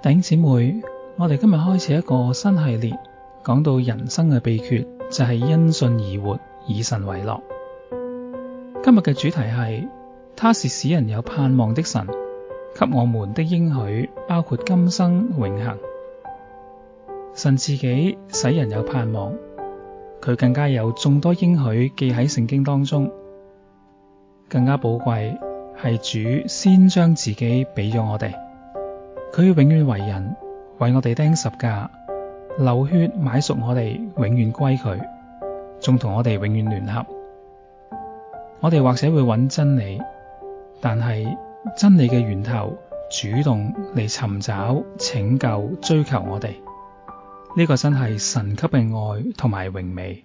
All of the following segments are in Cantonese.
頂姊妹，我哋今日開始一個新系列，講到人生嘅秘訣就係、是、因信而活，以神為樂。今日嘅主題係，他是使人有盼望的神，給我們的應許包括今生永恆。神自己使人有盼望，佢更加有眾多應許記喺聖經當中，更加寶貴係主先將自己俾咗我哋。佢要永遠為人，為我哋釘十架，流血買贖我哋，永遠歸佢，仲同我哋永遠聯合。我哋或者會揾真理，但係真理嘅源頭主動嚟尋找、拯救、追求我哋，呢、這個真係神級嘅愛同埋榮美。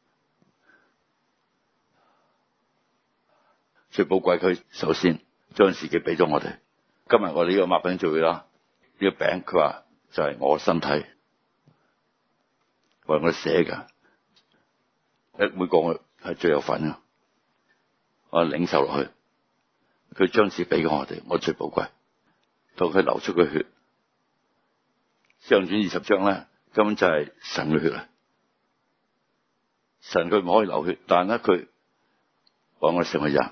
最寶貴，佢首先將自己俾咗我哋。今日我哋呢個擘餅聚會啦，呢、這個餅佢話就係、是、我身體為我寫噶，一每個我係最有份噶。我領受落去，佢將自己俾咗我哋，我最寶貴。到佢流出嘅血，使徒二十章咧，根本就係神嘅血啊！神佢唔可以流血，但咧佢我哋成為人。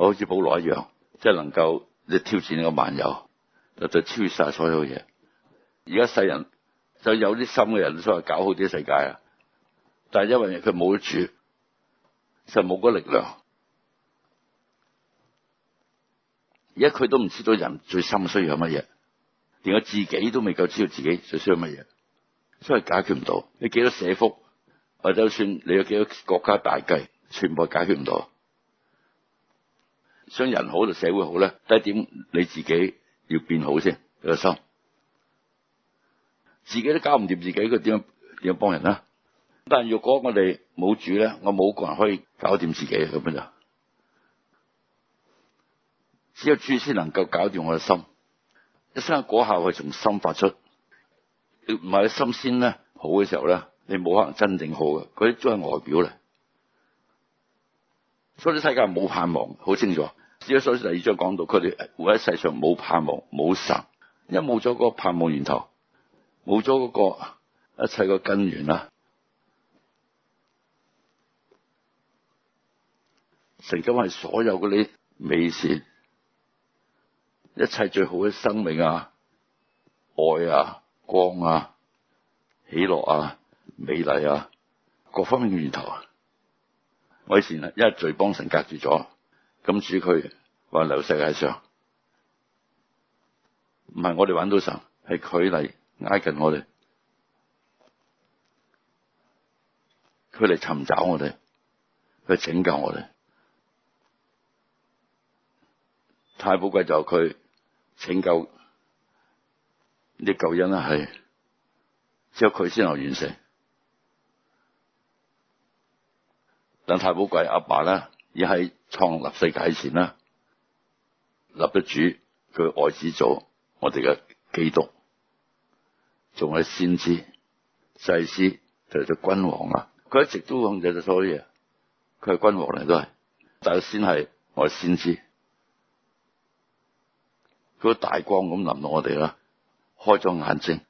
我好似保羅一樣，即係能夠你挑戰個萬有，就超越晒所有嘢。而家世人就有啲心嘅人，所謂搞好啲世界啊，但係因為佢冇主，就冇嗰力量。而家佢都唔知道人最深需要乜嘢，連我自己都未夠知道自己最需要乜嘢，所以解決唔到。你幾多社福，或者就算你有幾多國家大計，全部解決唔到。想人好就社會好咧？第一點，你自己要變好先，你個心。自己都搞唔掂自己，佢點樣點樣幫人啊？但係若果我哋冇主咧，我冇個人可以搞掂自己咁樣就。只有主先能夠搞掂我嘅心。一生嘅果效係從心發出，你唔係你心先咧好嘅時候咧，你冇可能真正好嘅，嗰啲都係外表嚟，所以世界冇盼望，好清楚。所以第二章講到，佢哋活喺世上冇盼望，冇神，因為冇咗嗰個盼望源頭，冇咗嗰個一切嘅根源啦。神咁係所有嗰啲美善、一切最好嘅生命啊、愛啊、光啊、喜樂啊、美麗啊，各方面嘅源頭啊，我以前啊，因為罪幫神隔住咗。咁主佢話留世界上，唔係我哋揾到神，係佢嚟挨近我哋，佢嚟尋找我哋，去佢拯救我哋。太寶貴就係佢拯救你舊人啦，係，只有佢先能完成。但太寶貴阿爸咧。而喺創立世界前啦，立得主佢愛子做我哋嘅基督，仲係先知祭司就做、是、君王啦。佢一直都控制咗所有嘢，佢係君王嚟都係，但係先係我嘅先知，佢、嗰個大光咁淋落我哋啦，開咗眼睛，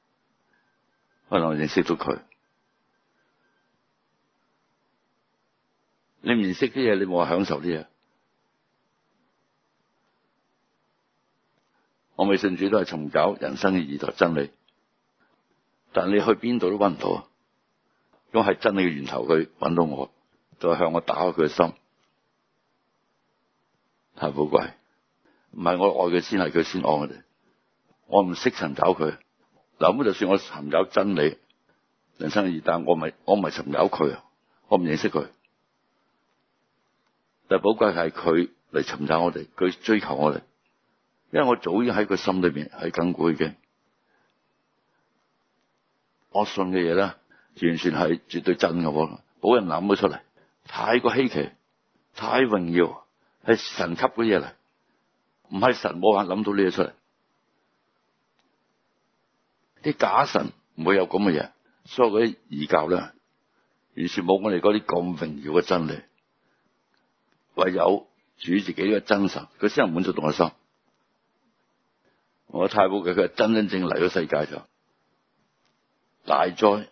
可能我哋認識到佢。你唔認識啲嘢，你冇話享受啲嘢。我未信主都係尋找人生嘅意義同真理，但你去邊度都搵唔到啊！如果係真理嘅源頭，佢搵到我，就向我打開佢嘅心，太寶貴。唔係我愛佢先，係佢先愛我哋。我唔識尋找佢嗱，咁就算我尋找真理、人生嘅意義，我咪我唔係尋找佢啊！我唔認識佢。但寶貴係佢嚟尋找我哋，佢追求我哋，因為我早已喺佢心裏邊係緊軌嘅。我信嘅嘢咧，完全係絕對真嘅，冇人諗到出嚟，太過稀奇，太榮耀，係神級嘅嘢嚟，唔係神冇可能諗到呢嘢出嚟，啲假神唔會有咁嘅嘢，所以嗰啲異教咧，完全冇我哋嗰啲咁榮耀嘅真理。唯有主自己嘅真神，佢先能滿足到我心。我太寶貴，佢係真真正正嚟咗世界上，大哉，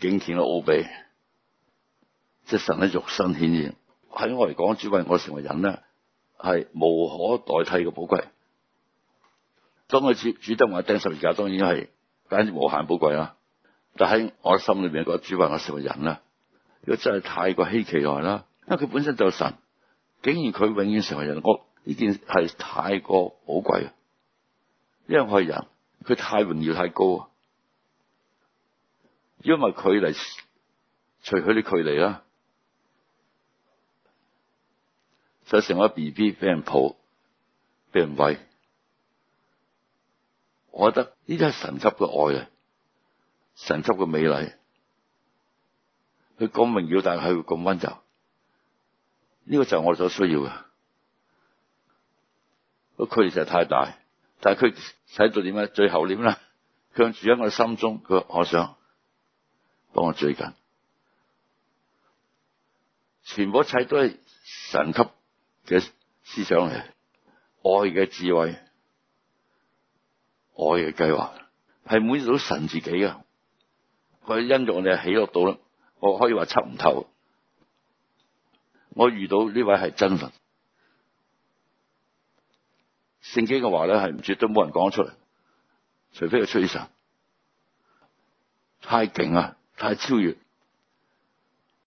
敬虔嘅奧祕，即神喺肉身顯現。喺我嚟講，主為我成為人咧，係無可代替嘅寶貴。當佢主主基督釘十字架，當然係簡直無限寶貴啦。但喺我心裏面，覺得主為我成為人咧。如果真係太過稀奇來啦，因為佢本身就是神，竟然佢永遠成為人，我呢件事係太過寶貴啊！因為我係人，佢太榮耀太高啊！如果唔係佢嚟，除佢啲距離啦，就成為 B B 俾人抱，俾人餵。我覺得呢啲係神級嘅愛啊，神級嘅美麗。佢講明要，但係佢咁溫柔，呢個就係我所需要嘅。個距離實在是太大，但係佢使到點咧？最後點啦，向住喺我的心中，佢我想幫我追緊，全部一切都係神給嘅思想嚟，愛嘅智慧，愛嘅計劃，係滿足到神自己嘅。佢因着我哋喜悅到啦。我可以話測唔透，我遇到呢位係真神聖經嘅話咧係絕對冇人講得出嚟，除非佢出於神，太勁啊，太超越。